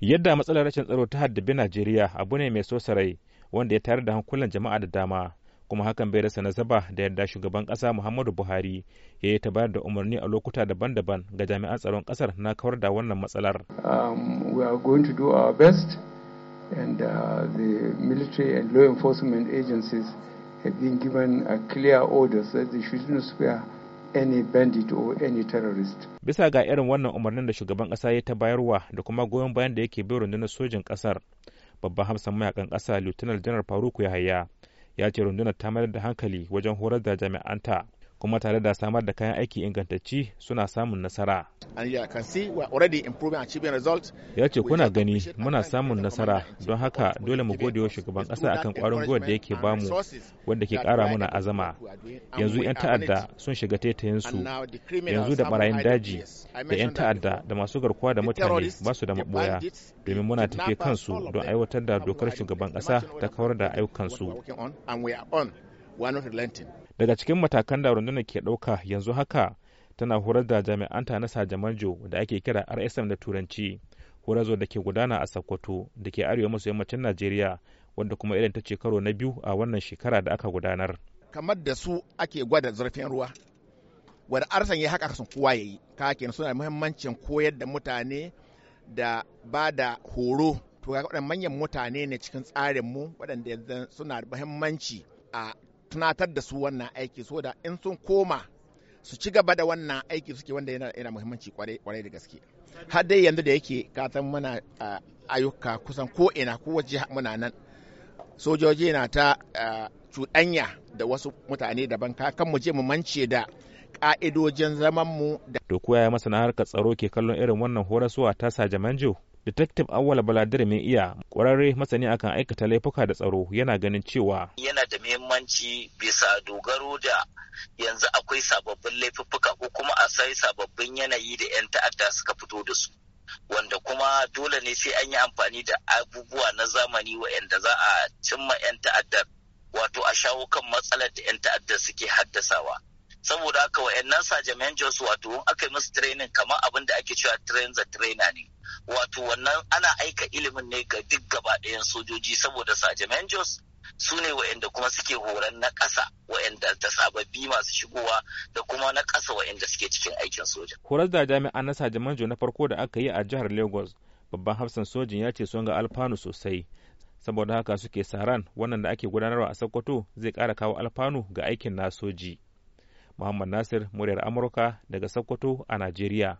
yadda matsalar rashin tsaro ta haddabi najeriya abu ne mai sosarai wanda ya tayar da hankulan jama'a da dama kuma hakan bai rasa nasaba da yadda shugaban kasa muhammadu buhari ya yi ta bayar da umarni a lokuta daban-daban ga jami'an tsaron kasar na kawar da wannan matsalar um, we are going to do our best and uh, the military and law enforcement agencies have been given a clear orders that they any bandit or any terrorist. Bisa ga irin wannan umarnin da shugaban ƙasa ya ta bayarwa da kuma goyon bayan da yake bai rundunar sojin kasar babban hamsan mayakan ƙasa Lieutenant General Faruku Yahaya ya ce rundunar ta mayar da hankali wajen horar da jami'anta kuma tare da samar da kayan aiki ingantacci suna samun nasara. Ya ce kuna gani muna samun nasara don haka dole mu gode wa shugaban ƙasa akan ƙwarin gwiwar da yake bamu wanda ke ƙara muna azama. Yanzu 'yan ta'adda sun shiga taitayensu yanzu da barayin daji da 'yan ta'adda da masu garkuwa da mutane ba su da maboya domin muna tafe kansu don aiwatar da dokar shugaban ƙasa ta kawar da ayyukansu. daga cikin matakan da rundunar ke ɗauka yanzu haka tana horar da jami'anta na sajamanjo da ake kira rsm da turanci horazo da ke gudana a sokoto da ke arewa maso yammacin najeriya wadda kuma irin ta shekaru na biyu a wannan shekara da aka gudanar kamar da su ake gwada zurfin ruwa wanda arsan ya haka sun kowa ya yi kakin suna muhimmancin koyar da mutane da ba da horo to ga manyan mutane ne cikin tsarinmu waɗanda suna da muhimmanci a tunatar da su wannan aiki so da in sun koma su ci gaba da wannan aiki suke wanda yana da muhimmanci kwarai da gaske har dai yanzu da yake kasan muna ayyuka kusan ko'ina ina ko waje muna nan sojoji na ta cuɗanya da wasu mutane daban kan mu je mu mance da ka'idojin zaman mu da to koya masana harkar tsaro ke kallon irin wannan horaswa ta sa jamanjo Detective Awal Baladir mai iya ƙwararre masani akan aikata laifuka da tsaro yana ganin cewa yana da muhimmanci bisa dogaro da yanzu akwai sababbin laifuffuka ko kuma a sai sababbin yanayi da 'yan ta'adda suka fito da su. wanda kuma dole ne sai an yi amfani da abubuwa na zamani waɗanda za a cimma 'yan ta'addar wato a shawo kan matsalar da 'yan ta'addar suke haddasawa saboda haka nasa jamian jos wato in aka yi musu training kamar abin da ake cewa train the trainer ne wato wannan ana aika ilimin ne ga duk gaba ɗayan sojoji saboda sajamen jos su ne wa'anda kuma suke horon na ƙasa wa'anda ta sababbi masu shigowa da kuma na ƙasa wa'anda suke cikin aikin soja. Horar da jami'an na sajaman jos na farko da aka yi a jihar Lagos babban hafsan sojin ya ce sun ga alfanu sosai saboda haka suke saran wannan da ake gudanarwa a Sokoto zai kara kawo alfanu ga aikin na soji. Muhammad Nasir, muryar Amurka daga Sokoto a Najeriya.